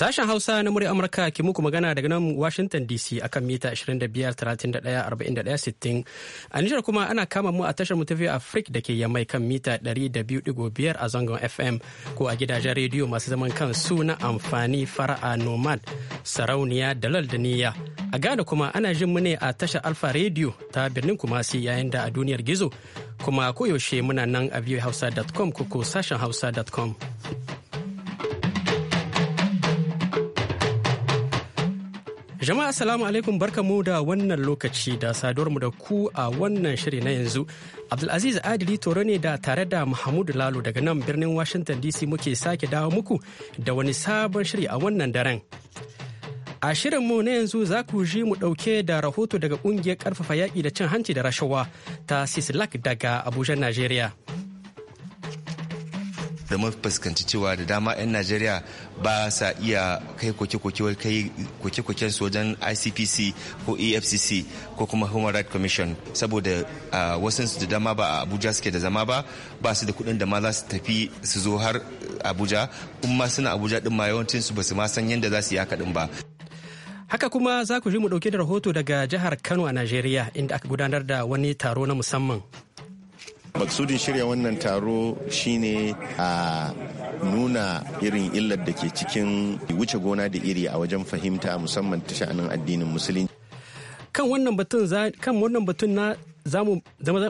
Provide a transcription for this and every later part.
Sashen Hausa na murya Amurka ke muku magana daga nan Washington DC akan mita 25-31-41-60. A Nijar kuma ana kama mu a tashar mu tafiya Afrik da ke yammai kan mita 200.5 a zangon FM ko a gidajen rediyo masu zaman kan suna amfani fara'a Nomad, Sarauniya da Laldaniya. A Ghana kuma ana jin mu ne a tashar Alfa Radio ta birnin Kumasi yayin da a duniyar gizo kuma koyaushe muna nan a viewhausa.com ko sashen hausa.com. Jama'a assalamu alaikum barkamu da wannan lokaci da saduwar mu da ku a wannan shiri na yanzu. Abdulaziz Adili Toro ne da tare da Muhammadu Lalo daga nan birnin Washington DC muke sake dawo muku da wani sabon shiri a wannan daren. A shirin mu na yanzu za ku ji mu ɗauke da rahoto daga ƙungiyar karfafa yaƙi da cin hanci da rashawa ta Sislak daga Abuja, Najeriya. da mun cewa da dama 'yan najeriya ba sa iya kai koke-koken su wajen icpc ko efcc ko kuma human rights commission saboda wasu su da dama ba a abuja suke da zama ba ba su da kuɗin da ma za su tafi su zo har eh, abuja kuma suna abuja din ma yawancin su ba su ma san yadda za su yi ba Haka kuma za ku ji mu ɗauke da rahoto daga jihar Kano a Najeriya inda aka gudanar da wani taro na musamman maksudin shirya wannan taro shine a nuna irin illar da ke cikin wuce gona da iri a wajen fahimta musamman ta sha'anin addinin musulunci kan wannan batun na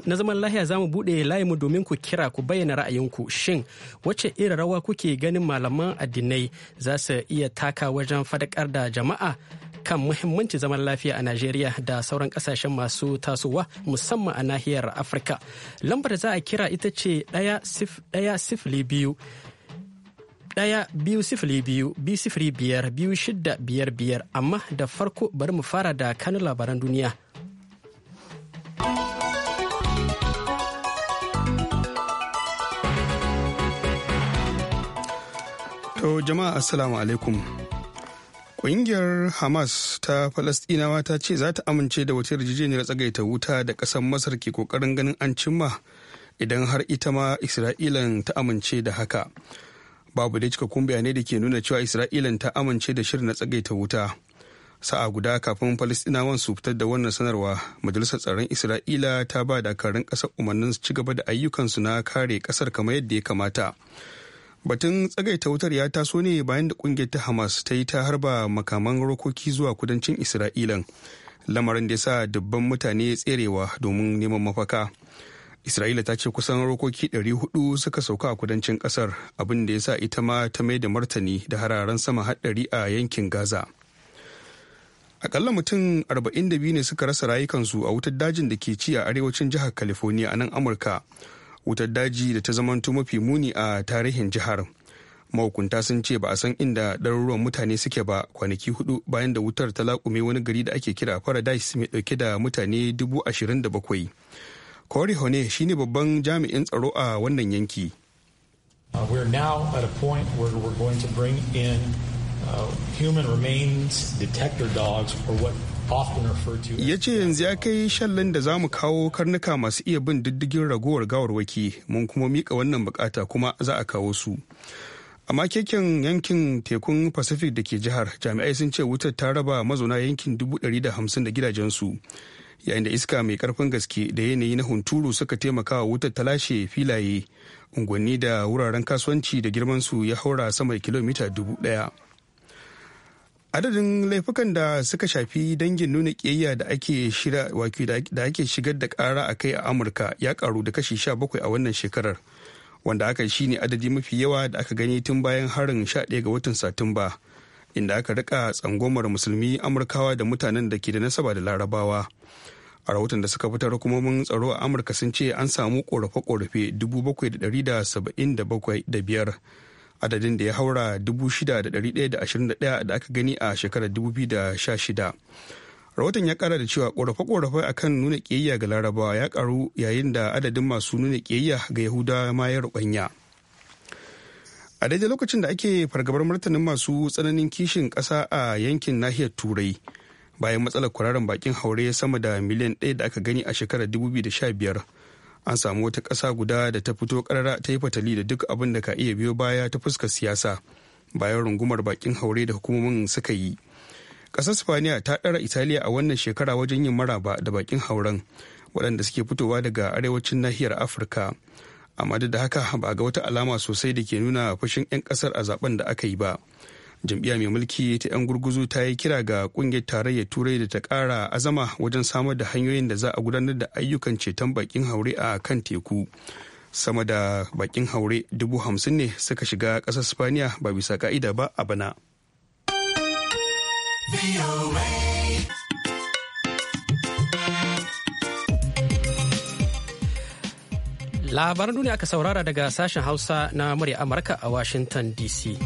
na zaman lahiya za mu buɗe layinmu domin ku kira ku bayyana ra'ayinku shin wacce irin rawa kuke ganin malaman addinai za su iya taka wajen fadakar da jama'a kan muhimmanci zaman lafiya a Najeriya da sauran kasashen masu tasowa musamman a nahiyar Afirka. Lambar za a kira ita ce ɗaya sifili biyu ɗaya biyu sifili biyu biyu sifili biyar biyu shida biyar biyar amma da farko bari mu fara da kanin labaran duniya. To jama'a assalamu alaikum. Ƙungiyar Hamas ta Falasɗinawa ta ce za ta amince da wata yarjejeniyar tsagaita wuta da ƙasar Masar ke ƙoƙarin ganin an cimma idan har ita ma Isra'ilan ta amince da haka. Babu da cikakkun bayanai da ke nuna cewa Isra'ilan ta amince da shirin na tsagaita wuta. Sa'a guda kafin falastinawan su fitar da wannan sanarwa, Majalisar Tsaron Isra'ila ta ba dakarun ƙasar umarnin su ci gaba da ayyukansu na kare ƙasar kamar yadda ya kamata. batun tsagaita wutar ya taso ne bayan da kungiyar ta hamas ta yi ta harba makaman rokoki zuwa kudancin Isra'ila, lamarin da ya sa dubban mutane tserewa domin neman mafaka isra'ila ta ce kusan rokoki 400 suka sauka a kudancin kasar abin da ya sa ita ma ta mai da martani da hararen sama haɗari a yankin gaza akalla mutum 42 ne suka rasa rayukansu a wutar dajin da ke ci a arewacin jihar california a nan amurka wutar daji da ta zamanto mafi muni a tarihin jihar mahukunta sun ce ba a san inda ɗaruruwan mutane suke ba kwanaki hudu bayan da wutar ta laƙume wani gari da ake kira paradise mai ɗauke da mutane dubu ashirin da bakwai Corey Hone shine babban jami'in tsaro a wannan yanki. Uh, at bring in uh, human remains detector dogs or what ya ce yanzu ya kai shallan da za mu kawo karnuka masu iya bin diddigin ragowar gawarwaki mun kuma mika wannan bukata kuma za a kawo su amma keken yankin tekun pacific da ke jihar jami'ai sun ce wutar ta raba mazauna yankin 150 da gidajensu yayin da iska mai karfin gaske da yanayi na hunturu suka taimaka wa wutar ta lashe filaye unguwanni da wuraren kasuwanci da girmansu ya haura sama kilomita dubu daya. adadin laifukan da suka shafi dangin nuna kiyayya da ake shira da ake shigar da kara a kai a amurka ya karu da kashi 17 a wannan shekarar wanda aka shi ne adadi mafi yawa da aka gani tun bayan harin 11 ga watan satumba inda aka rika tsangomar musulmi amurkawa da mutanen da ke da nasaba da larabawa a rahoton da suka fitar hukumomin tsaro a amurka sun ce an samu korafe-korafe biyar. adadin da ya haura 6,121 da aka gani a shekarar 2016 rahoton ya kara da cewa korafe-korafe a kan nuna ƙiyayya ga larabawa ya karu yayin da adadin masu nuna ƙiyayya ga yahuda ma ya rubanya a daidai lokacin da ake fargabar martanin masu tsananin kishin ƙasa a yankin nahiyar turai bayan matsalar kwararren bakin haure sama da miliyan ɗaya da aka gani a shekarar 2015 an samu wata ƙasa guda da ta fito ƙarara ta yi fatali da duk abin da ka iya biyo baya ta fuska siyasa bayan rungumar bakin haure da hukumomin suka yi ƙasar spaniya ta ɗara italiya a wannan shekara wajen yin maraba da bakin hauren waɗanda suke fitowa daga arewacin nahiyar afirka amma duk da haka ba ga wata alama sosai da ke nuna fushin 'yan ƙasar a zaben da aka yi ba jam'iyya mai mulki ta 'yan gurguzu ta yi kira ga kungiyar tarayyar turai da ta kara azama wajen samar da hanyoyin da za a gudanar da ayyukan ceton bakin haure a kan teku sama da bakin haure dubu hamsin ne suka shiga ƙasar spaniya ba bisa ka'ida ba a bana labaran duniya aka saurara daga sashen hausa na murya amurka a washington dc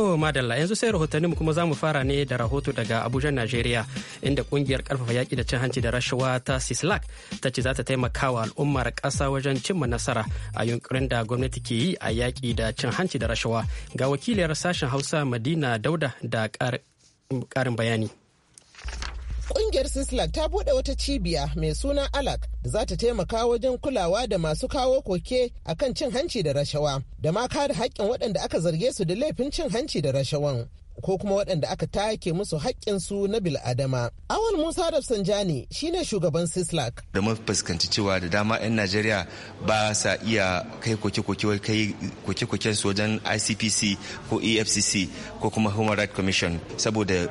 To madalla yanzu sai rahotanninmu kuma za mu fara ne da rahoto daga Abuja Najeriya inda kungiyar karfafa yaƙi da cin hanci da rashawa ta Sislak ta ce za ta taimaka wa al'ummar ƙasa wajen cimma nasara a yunkurin da gwamnati ke yi a yaƙi da cin hanci da rashawa. Ga wakiliyar sashen Hausa Madina Dauda da ƙarin bayani. ƙungiyar sislak ta buɗe wata cibiya mai suna Alak da za ta taimaka wajen kulawa da masu kawo koke akan cin hanci da rashawa da ma kare haƙƙin waɗanda aka zarge su da laifin cin hanci da rashawan. ko kuma waɗanda aka take musu su na bil'adama. Awal Musa shi ne shugaban Sislak. Da mun fuskanci cewa da dama 'yan Najeriya ba sa iya kai koke koken su wajen ICPC ko EFCC ko kuma Human Rights Commission saboda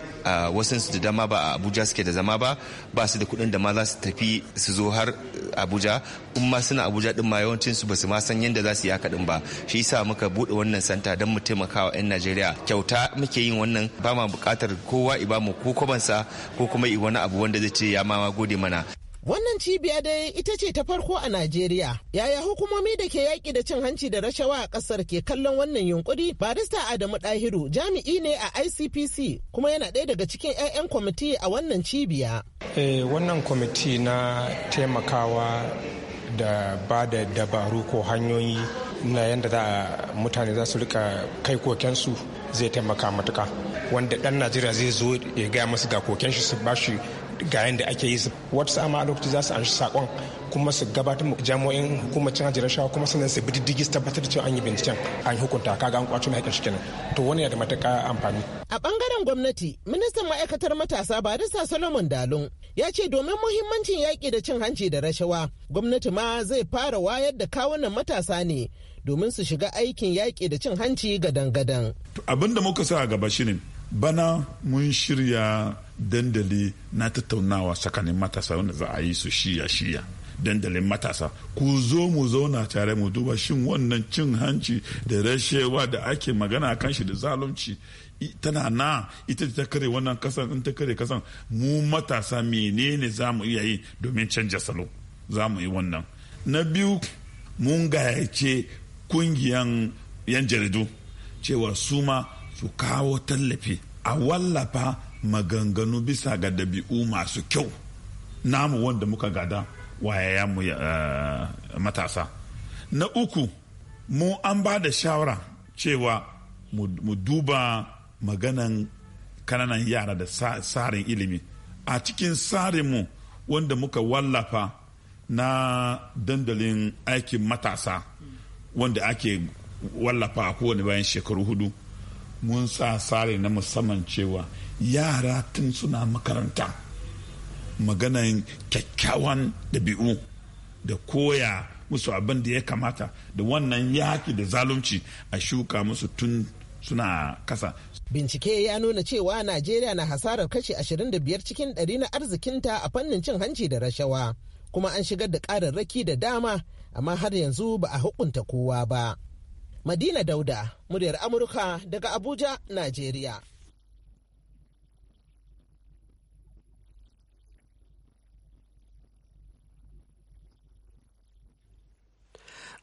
wasu su da dama ba a Abuja suke da zama ba ba su da kuɗin da ma za su tafi su zo har Abuja in ma suna Abuja din ma yawancin su ba su ma san yadda za su yi haka din ba shi yasa muka buɗe wannan santa don mu taimaka wa 'yan Najeriya kyauta muke yin wannan ba ma bukatar kowa iba mu ko kwabansa ko kuma i wani abu wanda zai ce ya ma gode mana Wannan cibiya dai ita ce ta farko a Najeriya. Yaya hukumomi da ke yaƙi da cin hanci da rashawa a ƙasar ke kallon wannan yunkuri? Barista Adamu Ɗahiru jami'i ne a ICPC kuma yana ɗaya daga cikin 'ya'yan kwamiti a wannan cibiya. Eh, wannan kwamiti na taimakawa da ba da dabaru ko hanyoyi na yadda za mutane za su rika kai kokensu zai taimaka matuka wanda dan najeriya zai zo ya gaya masu ga koken shi su ba shi ga yadda ake yi su wata sama a lokaci za su shi sakon kuma su gabatar jami'o'in hukumar cin hajji rashawa kuma sannan su bi diddigi su tabbatar da cewa an yi binciken an yi hukunta kaga an kwaci mai haƙƙin shi kenan to wani yana da matuƙa amfani Bangaren gwamnati, ministan ma'aikatar matasa Barista Solomon Dalun ya ce domin muhimmancin yaƙi da cin hanci da rashawa, gwamnati ma zai fara wayar da kawunan matasa ne domin su shiga aikin yaƙi da cin hanci ga gadan Abin da muka sa a gaba shine bana mun shirya dandali na tattaunawa tsakanin matasa wanda za a yi su shiya-shiya. dandalin matasa ku zo mu zauna tare mu duba shin wannan cin hanci da rashewa da ake magana kan shi da zalunci tana na ita ta kare wannan kasan in ta kare kasan mu matasa menene za mu iya yi domin canja salo za mu yi wannan na biyu mun gayace kungiyan yan jaridu cewa su ma su kawo tallafi a wallafa maganganu bisa ga dabi'u masu kyau namu wanda muka gada wayaya mu eh, matasa na uku mu an ba da shawara cewa mu duba maganan kananan yara da tsarin ilimi a cikin mu wanda muka wallafa na dandalin aikin matasa wanda ake wallafa a kowane bayan shekaru hudu mun sa tsari na musamman cewa yara tun suna makaranta maganan kyakkyawan dabi'u da koya musu abin da ya kamata da wannan yaki da zalunci a shuka musu tun suna kasa Bincike ya nuna cewa Najeriya na hasarar kashi 25 cikin ɗari na arzikinta a fannin cin hanci da rashawa, kuma an shigar da ƙararraki da dama, amma har yanzu ba a hukunta kowa ba. Madina Dauda, muryar Amurka daga Abuja, Najeriya.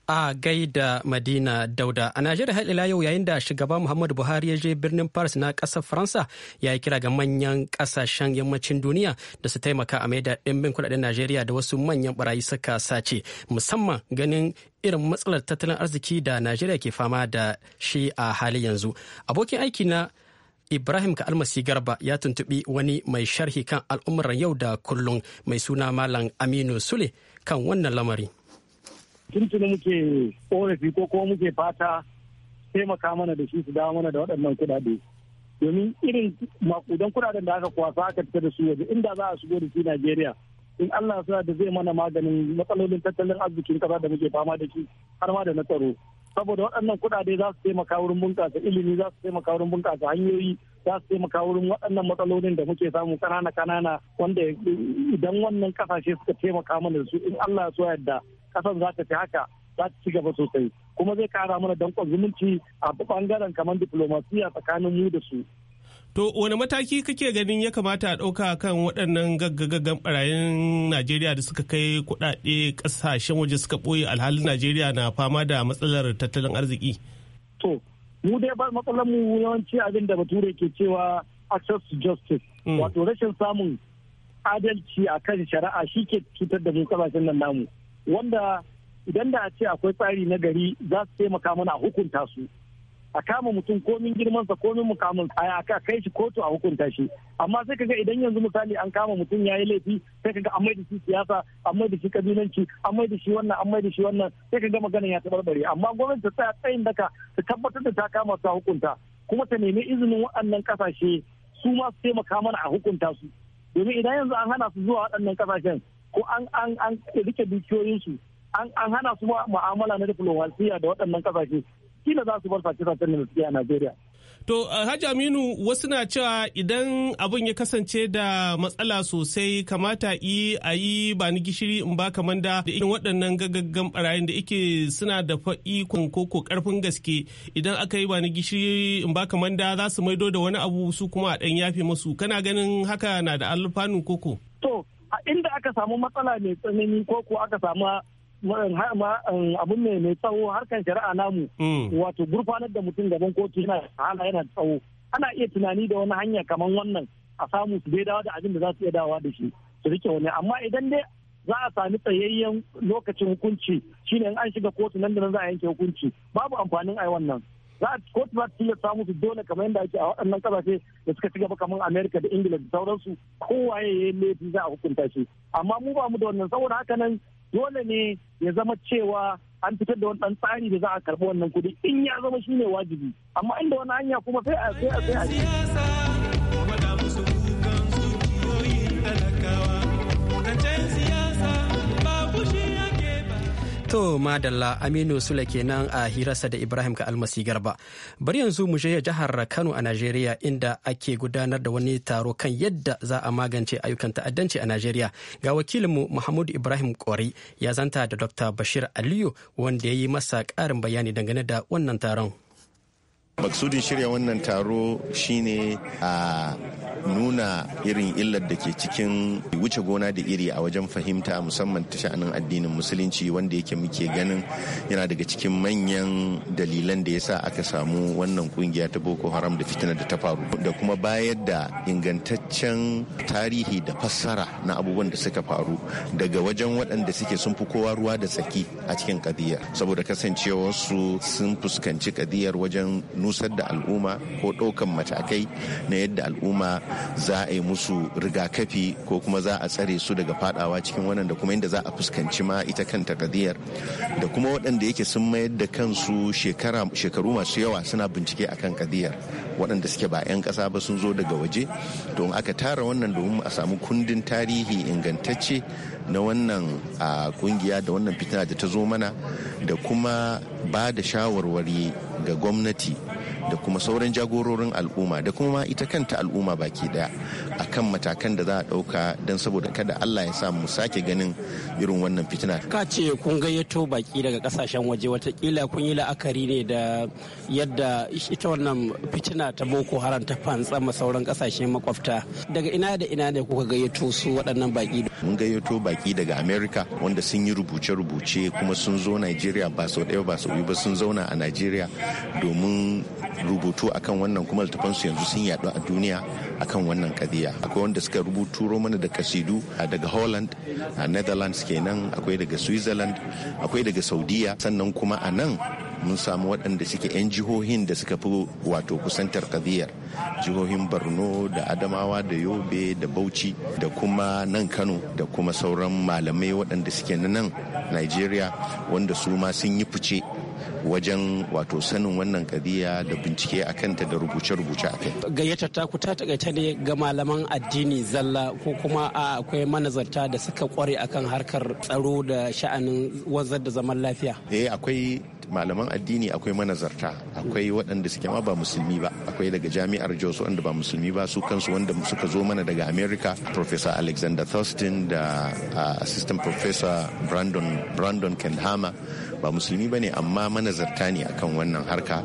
a gaida madina dauda a najeriya har ila yau yayin da shugaba muhammadu buhari ya je birnin paris na kasar faransa ya yi kira ga manyan kasashen yammacin duniya da su taimaka a maida ɗimbin kudaden najeriya da wasu manyan barayi suka sace musamman ganin irin matsalar tattalin arziki da najeriya ke fama da shi a hali yanzu abokin aiki na Ibrahim ka almasi Garba ya tuntubi wani mai sharhi kan al'umuran yau da kullum mai suna Malam Aminu Sule kan wannan lamari. tuntuni muke korafi ko kuma muke fata taimaka mana da shi su dawo mana da waɗannan kuɗaɗe domin irin makudan kuɗaɗen da aka kwasa aka fita da su waje inda za a shigo da shi najeriya in allah sa da zai mana maganin matsalolin tattalin arzikin ƙasa da muke fama da shi har ma da na tsaro saboda waɗannan kuɗaɗe za su taimaka wurin bunƙasa ilimi za su taimaka wurin bunƙasa hanyoyi za su taimaka wurin waɗannan matsalolin da muke samu ƙanana ƙanana wanda idan wannan ƙasashe suka taimaka mana da su in Allah so yadda kasan za ta fi haka za ta ci gaba sosai kuma zai kara mana dankon zumunci a bangaren kamar diplomasiya tsakanin mu da su To wani mataki kake ganin ya kamata a ɗauka kan waɗannan gaggagaggan barayin Najeriya da suka kai kuɗaɗe ƙasashen waje suka ɓoye alhalin Najeriya na fama da matsalar tattalin arziki? To, mu dai ba matsalar mu yawanci abin da bature ke cewa access to justice. Hmm. Wato rashin samun adalci a kan shari'a shi ke cutar da mu kasashen nan namu. wanda idan da a ce akwai tsari na gari za su taimaka mana a hukunta su a kama mutum komin girmansa komin mukamin a aka kai shi kotu a hukunta shi amma sai kaga idan yanzu misali an kama mutum ya yi laifi sai kaga an da shi siyasa an da shi kabilanci an da shi wannan an da shi wannan sai kaga maganin ya tabarbare amma gwamnati ta tsaya tsayin daka ta tabbatar da ta kama ta hukunta kuma ta nemi izinin waɗannan kasashe su ma su taimaka mana a hukunta su domin idan yanzu an hana su zuwa waɗannan kasashen ko an an an rike dukiyoyinsu an an hana su mu'amala na diplomasiya da waɗannan kasashe kila za su bar sace-sacen na a Najeriya. To uh, Hajji Aminu wasu na cewa idan abin ya kasance da matsala sosai kamata yi a yi ba ni gishiri in ba kamar da irin waɗannan gaggagan barayin da ike suna da ko koko karfin gaske idan aka yi ba ni gishiri in ba kamar da za su maido da wani abu su kuma a ɗan yafe masu kana ganin haka na da alfanu koko. To a inda aka samu matsala mai tsanani ko ko aka samu eh, eh, abin ne mai tsawo harkar shari'a namu hmm. wato gurfanar da mutum gaban kotu yana hala yana tsawo ana iya tunani da wani hanya kamar wannan a samu su dawa da abin da za su iya dawa da shi su rike wani amma idan dai za a sami tsayayyen lokacin hukunci shine in an shiga kotu nan da nan za a yanke hukunci babu amfanin ai wannan za kotu za ta samu musu dole kamar yadda ake a waɗannan ƙasashe da suka ci gaba kamar amerika da ingila da sauransu kowaye ya yi laifi za a hukunta shi amma mu ba mu da wannan saboda haka nan dole ne ya zama cewa an fitar da wani tsari da za a karɓi wannan kuɗi in ya zama shine wajibi amma inda wani hanya kuma sai a sai a sai a To Madalla Aminu Sule kenan a hirarsa da Ibrahim ka almasi garba. Bari yanzu mu je jihar Kano a Najeriya inda ake gudanar da wani taro kan yadda za a magance ayyukan ta'addanci a Najeriya. Ga wakilinmu Muhammadu Ibrahim Kori ya zanta da Dr. Bashir Aliyu wanda ya yi masa ƙarin bayani dangane da wannan taron. maksudin shirya wannan taro shine a nuna irin illar da ke cikin wuce gona da iri a wajen fahimta musamman ta sha'anin addinin musulunci wanda yake muke ganin yana daga cikin manyan dalilan da ya sa aka samu wannan kungiya ta boko haram da fitina da ta faru da kuma bayar da ingantaccen tarihi da fassara na abubuwan da suka faru daga wajen waɗanda suke sun fi kowa ruwa da tsaki a cikin kadiyar saboda kasancewarsu sun fuskanci kadiyar wajen nusar da al'umma ko ɗaukan matakai na yadda al'umma za a yi musu rigakafi ko kuma za a tsare su daga fadawa cikin wannan da kuma yadda za a fuskanci ma ita kanta kadiyar da kuma waɗanda yake sun mayar da kansu shekaru masu yawa suna bincike akan kadiyar waɗanda suke ba 'yan ƙasa ba sun zo daga waje don aka tara wannan domin a samu kundin tarihi ingantacce na wannan a kungiya da wannan fitina da ta zo mana da kuma ba da shawarwari ga gwamnati da kuma sauran jagororin al'umma da kuma ita kanta al'umma baki daya kan matakan da za a dauka don saboda kada Allah ya sa mu sake ganin irin wannan fitina ka ce kun gayyato baki daga kasashen waje watakila kun yi la'akari ne da yadda ita wannan fitina ta boko haram ta fantsama sauran kasashe makwabta daga ina da ina ne kuka gayyato su waɗannan baki mun gayyato baki daga america wanda sun yi rubuce-rubuce kuma sun zo nigeria ba sau ɗaya ba sau biyu ba sun zauna a nigeria domin rubutu akan wannan kuma su yanzu sun yaɗu a duniya akan wannan kadiya akwai wanda suka rubutu mana da kasidu daga holland a netherlands kenan akwai daga switzerland akwai daga saudiya sannan kuma a nan mun samu waɗanda suke 'yan jihohin da suka fi wato kusantar kadiyar jihohin borno da adamawa da yobe da bauchi da kuma nan kano da kuma sauran malamai waɗanda suke na nan nigeria wanda su ma sun yi fice wajen wato sanin wannan kadiya da bincike a kanta da rubuce-rubuce a kai. Gayyatar taku ta takaita ne ga malaman addini zalla ko kuma akwai manazarta da suka kware akan harkar tsaro da sha'anin wanzar da zaman lafiya. Eh akwai malaman addini akwai manazarta akwai waɗanda suke ma ba musulmi ba akwai daga jami'ar jos wanda ba musulmi ba su kansu wanda suka zo mana daga america professor alexander thurston da uh, assistant professor brandon brandon kenhama ba musulmi ba ne amma manazarta ne akan wannan harka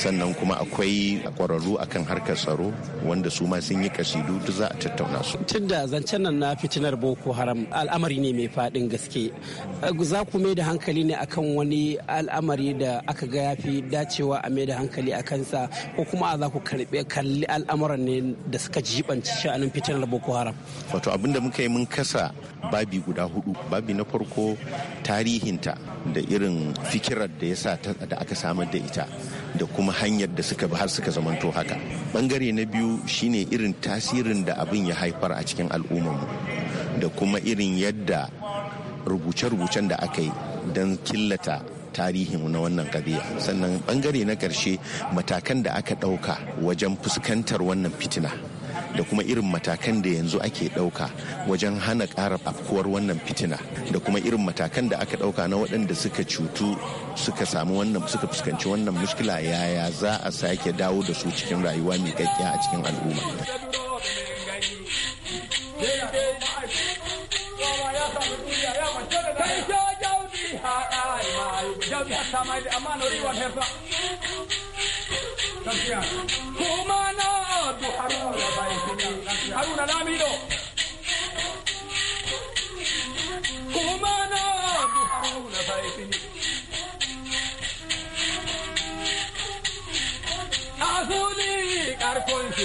sannan kuma akwai kwararru akan harkar tsaro wanda su ma sun yi kasidu duk za a tattauna su tun da zancen nan na fitinar boko haram al'amari ne mai faɗin gaske za ku mai da hankali ne akan wani al'amari da aka ga ya fi dacewa a mai da hankali a kansa ko kuma a za ku karɓe kalli al'amuran ne da suka jibanci sha'anin fitinar boko haram wato abin da muka yi mun kasa babi guda hudu babi na farko tarihinta da irin irin fikirar da ya sa da aka samar da ita da kuma hanyar da suka bi har suka zamanto haka bangare na biyu shine irin tasirin da abin ya haifar a cikin al'ummarmu da kuma irin yadda rubuce-rubucen da aka yi don killata tarihin na wannan ƙabiya sannan bangare na ƙarshe matakan da aka ɗauka wajen fuskantar wannan fitina da kuma irin matakan da yanzu ake ɗauka wajen hana ƙara afkuwar wannan fitina da kuma irin matakan da aka ɗauka na waɗanda suka cutu suka samu wannan suka fuskanci wannan mushkila yaya za a sake dawo da su cikin rayuwa mai a cikin al'umma. Thank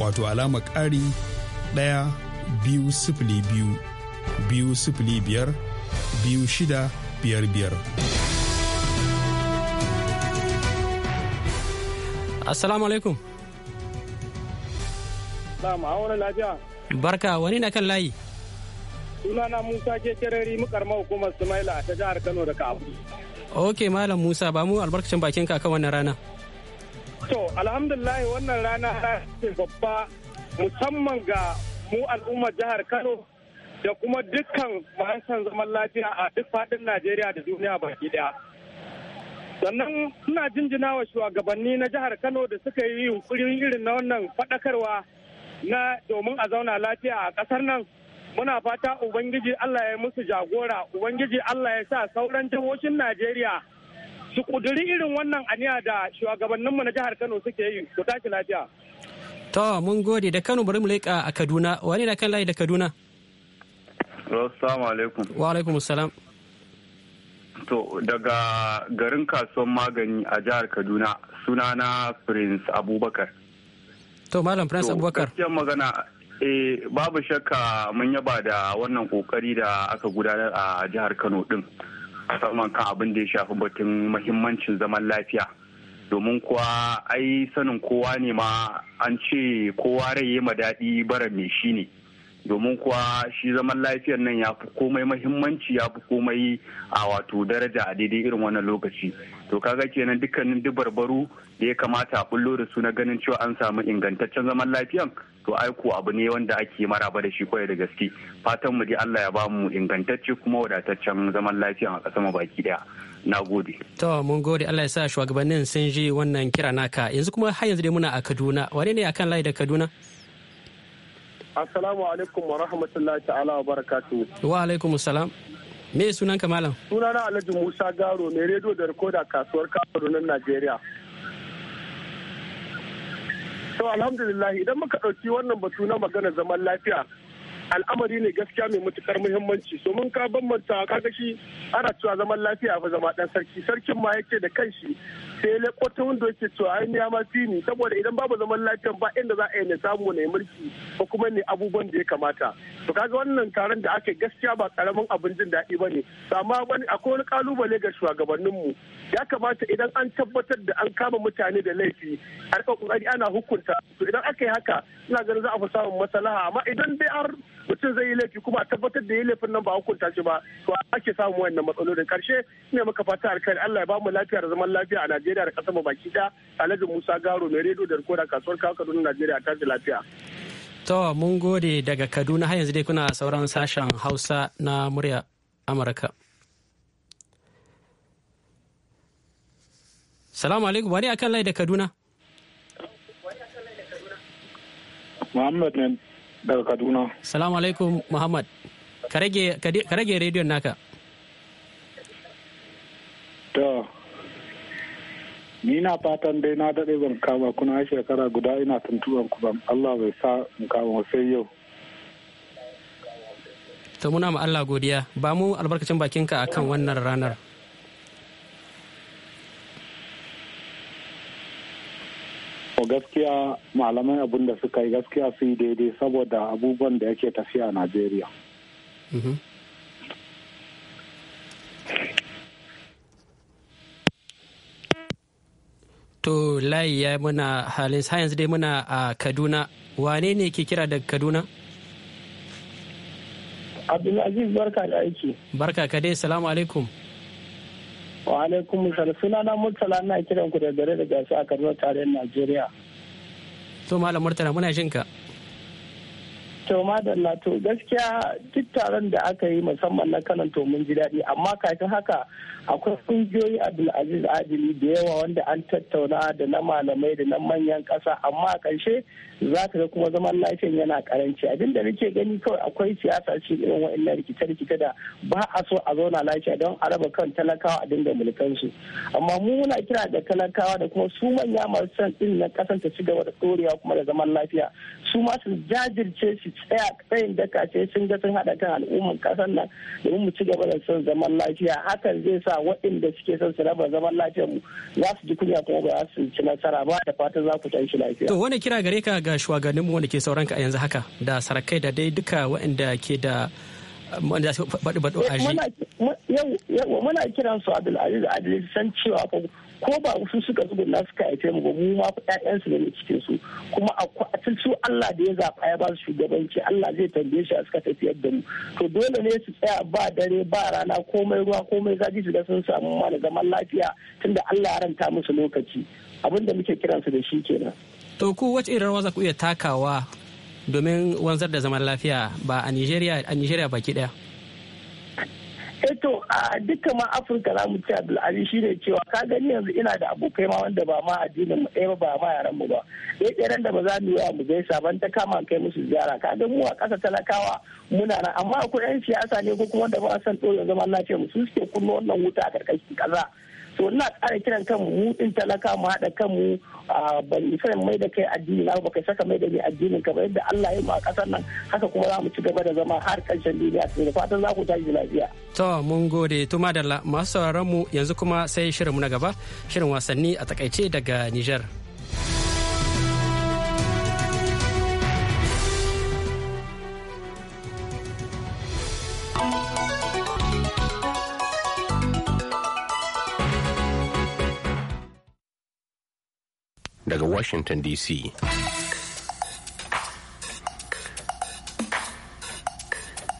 wato alama ƙari ɗaya biyu sifili biyu biyu sifili biyar biyu shida biyar biyar. Assalamu alaikum. Salamu awon lafiya. Barka wani na kan layi. Sunana Musa ke kerari mukarma hukumar Sumaila ta jihar Kano da Kabu. Ok Malam Musa ba mu albarkacin bakin ka wannan rana. To, alhamdulillah wannan rana ce babba musamman ga mu al'ummar jihar Kano da kuma dukkan mahaifan zaman lafiya a duk faɗin Najeriya da duniya baki daya. Sannan suna jinjina wa shugabanni na jihar Kano da suka yi yunkurin irin na wannan faɗakarwa na domin a zauna lafiya a kasar nan. Muna fata Ubangiji Allah ya musu jagora, Ubangiji Allah ya sa sauran jihohin Najeriya su kuduri irin wannan aniya da shugabanninmu na jihar Kano suke yi ku tashi lafiya. To mun gode da Kano bari mu leƙa a Kaduna wani da kan layi da Kaduna. Assalamu alaikum. Wa alaikum salam. To daga garin kasuwan magani a jihar Kaduna sunana Prince Abubakar. To Malam Prince Abubakar. To magana eh babu shakka mun yaba da wannan kokari da aka gudanar a jihar Kano din. musamman kan abin da ya shafi batun mahimmancin zaman lafiya domin kuwa ai sanin kowa ne ma an ce kowa rai ya daɗi bara mai shi ne domin kuwa shi zaman lafiyar nan ya fi komai mahimmanci ya fi komai a wato daraja a daidai irin wannan lokaci to kaga kenan dukkanin dubarbaru da ya kamata a bullo da su na ganin cewa an samu ingantaccen zaman lafiyan to aiko abu ne wanda ake maraba da shi kwarai da gaske fatan mu dai Allah ya bamu ingantacce kuma wadataccen zaman lafiyan a ƙasar mu baki daya na gode to mun gode Allah ya sa shugabannin sun ji wannan kira naka yanzu kuma har yanzu dai muna a Kaduna wane ne akan layi da Kaduna Assalamu alaikum wa rahmatullahi ta'ala wa barakatu. Wa alaikum salam. Me sunan ka malam? Sunana Alhaji Musa Garo mai rediyo da rikoda kasuwar Kano nan Najeriya. To alhamdulillah idan muka ɗauki wannan batu na magana zaman lafiya al'amari ne gaskiya mai matukar muhimmanci domin ka bambanta kaga shi ana cewa zaman lafiya fa zama dan sarki sarkin ma yake da kanshi sai le ta wanda yake cewa ai ya ma fini saboda idan babu zaman lafiya ba inda za a yi ne samu ne mulki ko kuma ne abubuwan da ya kamata to kaga wannan taron da aka gaskiya ba karamin abin jin daɗi ba ne amma wani akwai wani kalubale ga shugabanninmu ya kamata idan an tabbatar da an kama mutane da laifi a kokari ana hukunta to idan aka yi haka ina ganin za a fi samun maslaha amma idan dai mutum zai yi laifi kuma a tabbatar da ya laifin nan ba hukunta shi ba to ake samun wannan matsalolin karshe ne maka fata alkhairi Allah ya ba mu lafiya da zaman lafiya a Najeriya da kasar mu baki da Alhaji Musa Garo mai redo da rikoda kasuwar kawo Kaduna Najeriya ta lafiya To mun gode daga Kaduna har yanzu dai kuna sauran sashen Hausa na murya Amurka. Salamu alaikum wani akan lai da Kaduna. Muhammad ne. daga kaduna salamu alaikum muhammad ka rage rediyon naka to ni na fatan dai na daɗe ban kama kuna shekara guda ina tuntuban ku ban allah bai sa in kama sai yau ta muna ma allah godiya ba mu albarkacin bakinka akan wannan ranar ko gaskiya malamai abin da suka yi gaskiya su yi daidai saboda abubuwan da yake tafiya a najeriya mhm. to layi ya muna halin science dai muna a kaduna wane ne ke kira daga kaduna abdulaziz barka da aiki barka ka dai salamu alaikum wa alaikum suna na murtala na kiran ku da dare da gasu a tarayyar najeriya to malam murtala muna jin ka To madalla to gaskiya duk taron da aka yi musamman na kanan to mun ji daɗi amma kafin haka akwai kungiyoyi Abdulaziz Adili da yawa wanda an tattauna da na malamai da na manyan ƙasa amma a ƙarshe za ka ga kuma zaman lafiyan yana karanci abin da nake gani kawai akwai siyasa ce irin wa'annan rikice-rikice da ba a so a zauna lafiya don a raba kan talakawa a dinga mulkan su amma mu muna kira da talakawa da kuma su manya masu san din na ƙasan ta ci gaba da ɗorewa kuma da zaman lafiya su ma su jajirce su tsaya tsayin daka sai sun ga sun haɗa kan al'umman ƙasar nan domin mu ci gaba da son zaman lafiya hakan zai sa waɗanda suke son su raba zaman lafiyar mu za su ji kunya kuma ba za su ci nasara ba da fatan za ku tashi lafiya. To wani kira gare ka ga shugabannin mu wanda ke sauran ka a yanzu haka da sarakai da dai duka waɗanda ke da a Muna kiran su Aziz Adil san cewa ko ba su suka na suka haife mu ba mu ma fa ƴaƴansu ne cikin su kuma a su Allah da ya zaba ya ba su shugabanci Allah zai tambaye shi a suka tafi yadda mu to dole ne su tsaya ba dare ba rana komai ruwa komai zaji su ga sun samu ma da zaman lafiya tunda Allah ya ranta musu lokaci abin da muke kiransu da shi kenan to ku wace irin rawa za ku iya takawa domin wanzar da zaman lafiya ba a Nigeria a Nigeria baki daya eto eh, a dukkan ma afirka za mu ci abdulaziz shi ne cewa ka gani yanzu ina da abokai ma wanda ba ma addinin mu ɗaya ba ma yaran mu ba ɗaya ɗaya da ba za mu yi mu zai saban ta kama kai musu ziyara ka ga mu a ƙasa talakawa muna nan amma akwai 'yan siyasa ne ko kuma wanda ba san ɗorin zaman ce mu su suke kunna wannan wuta a ƙarƙashin ƙasa so ina kara kiran kanmu mu din talaka mu haɗa kanmu mu ban isa mai da kai addini na ba kai saka mai da ni addinin ka ba yadda Allah ya ma ƙasar nan haka kuma za mu ci gaba da zama har karshen duniya da fatan za ku tashi lafiya to mun gode to madalla masu sauraron mu yanzu kuma sai shirin mu na gaba shirin wasanni a takaice daga Niger Washington DC.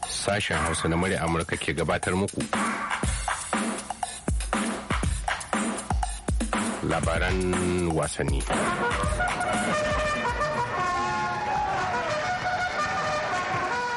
Sashen Hausa na murya Amurka ke gabatar muku. Labaran wasanni.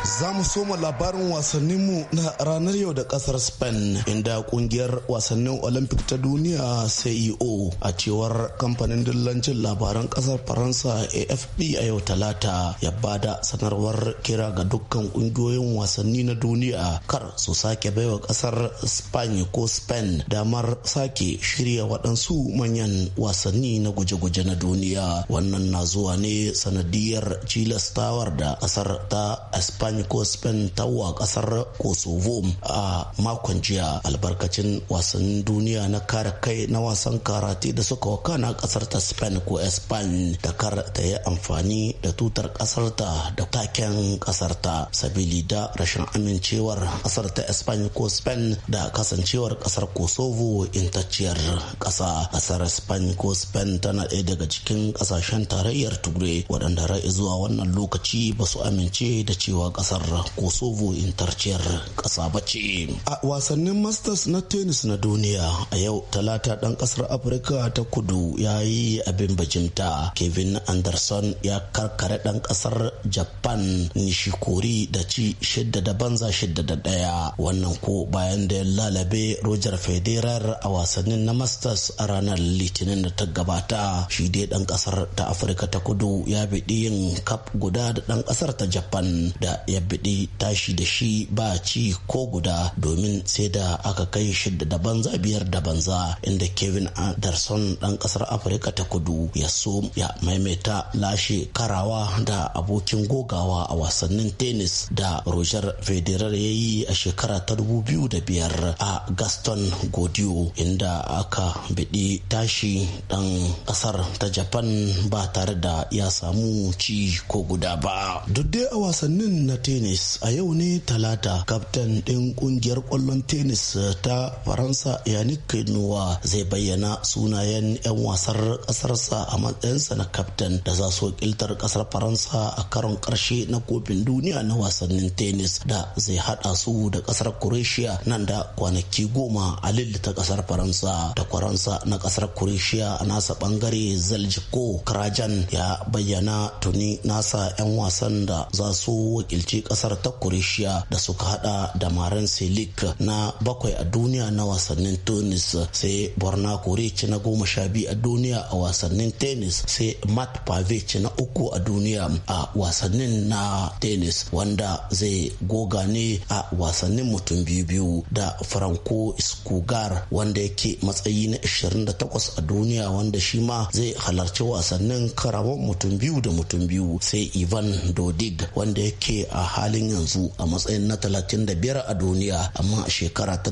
Za mu soma labarin wasanninmu na ranar yau da kasar Spain inda kungiyar wasannin Olympic ta duniya CEO a cewar kamfanin dillancin labaran kasar Faransa AFP a yau talata ya bada sanarwar kira ga dukkan kungiyoyin wasanni na duniya kar su sake baiwa kasar Spain ko Spain damar sake shirya waɗansu manyan wasanni na guje-guje na duniya. Wannan na zuwa ne sanadiyar cilastawar da kasar ta Spain Espany ko Spain tawa kasar Kosovo a makon jiya albarkacin wasan duniya na kare kai na wasan karate da suka wakana kasar ta Spain ko espan da kar ta yi amfani da tutar kasar ta da taken kasar ta sabili da rashin amincewar kasar ta espan ko Spain da kasancewar kasar Kosovo intacciyar kasa kasar Spain ko Spain tana ɗaya daga cikin kasashen tarayyar Turai waɗanda ra'ayi zuwa wannan lokaci ba su amince da cewa kasar kosovo intarciyar kasa bace a wasannin masters na tennis na duniya a yau talata dan kasar afirka ta kudu ya yi abin bajinta kevin anderson ya karkare dan kasar japan nishikori da ci shidda da banza shidda da daya wannan ko bayan da ya lalabe roger federer a wasannin na masters a ranar litinin da ta gabata shi dai dan kasar ta afirka ta kudu ya biɗi yin kap guda da dan kasar ta japan da ya biɗi tashi da shi ba ci ko guda domin sai da aka kai shida da banza biyar da banza inda kevin anderson ɗan ƙasar afirka ta kudu ya so ya maimaita lashe karawa da abokin gogawa a wasannin tennis da roger federer ya yi a shekara ta biyu da biyar a gaston godio inda aka biɗi tashi ɗan ƙasar ta japan ba tare da ya samu ci ko guda ba duk dai a wasannin na tennis a yau ne talata kaftan ɗin ƙungiyar ƙwallon tennis ta faransa yannick kenuwa zai bayyana sunayen 'yan wasar ƙasarsa a matsayinsa na kaftan da za su ƙiltar ƙasar faransa a karon ƙarshe na kofin duniya na wasannin tennis da zai haɗa su da ƙasar croatia nan da kwanaki goma a lille ta ƙasar faransa da faransa na ƙasar croatia a nasa ɓangare zaljiko krajan ya bayyana tuni nasa 'yan wasan da za su wakilci wakilci kasar ta Kurishiya da suka hada da maren Selik na bakwai a duniya na wasannin tennis sai Borna Koric na goma sha biyu a duniya a wasannin tennis sai mat Pavic na uku a duniya a wasannin na tennis wanda zai goga ne a wasannin mutum biyu biyu da Franco iskugar wanda yake matsayi na 28 a duniya wanda shi ma zai halarci wasannin karamin mutum biyu da mutum biyu sai Ivan Dodig wanda yake a halin yanzu a matsayin na 35 a duniya amma a shekara ta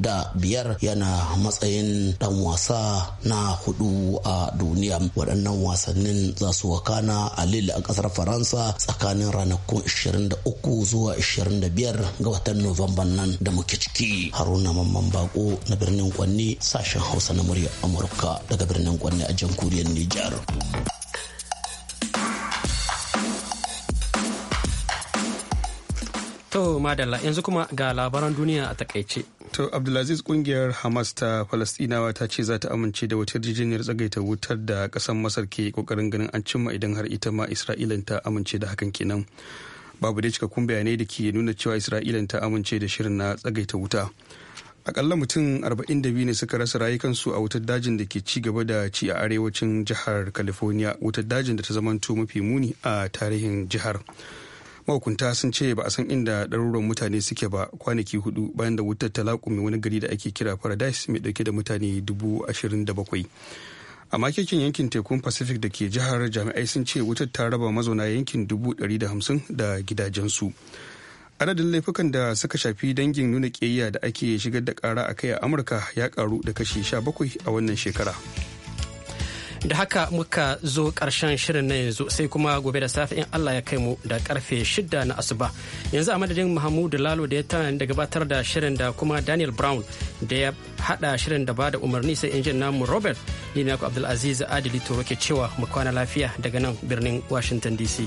da biyar yana matsayin dan wasa na hudu a duniya waɗannan wasannin za su wakana a lille a ƙasar faransa tsakanin ranakun 23 zuwa 25 ga watan nuwamban nan da muke ciki haruna mamman bako na birnin Kwanne sashen hausa na murya amurka daga birnin Kwanne a jamhuriyar nijar To madalla yanzu kuma ga labaran duniya a takaice. To Abdulaziz kungiyar Hamas ta Falastinawa ta ce za ta amince da wata yarjejeniyar tsagaita wutar da kasan Masar ke kokarin ganin an cimma idan har ita ma Isra'ilan ta amince da hakan kenan. Babu dai cikakkun bayanai da ke nuna cewa Isra'ilan ta amince da shirin na tsagaita wuta. Akalla mutum 42 ne suka rasa rayukansu a wutar dajin da ke ci gaba da ci a arewacin jihar California, wutar dajin da ta zamanto mafi muni a tarihin jihar. mahukunta sun ce ba a san inda ɗaruran mutane suke ba kwanaki hudu bayan da wutar ta laƙume wani gari da ake kira paradise mai ɗauke da mutane dubu ashirin da bakwai a makekin yankin tekun pacific da ke jihar jami'ai sun ce wutar ta raba mazauna yankin dubu ɗari da hamsin da gidajensu adadin laifukan da suka shafi dangin nuna ƙiyayya da ake shigar da ƙara a kai a amurka ya ƙaru da kashi 17 a wannan shekara. da haka muka zo karshen shirin na yanzu sai kuma gobe da safe in allah ya kai mu da karfe shida na asuba yanzu a madadin muhammadu lalo da ya tana da gabatar da shirin da kuma daniel brown da ya hada shirin da bada umarni sai injin namu robert ni abdulaziz adili toro ke cewa mu kwana lafiya daga nan birnin washington dc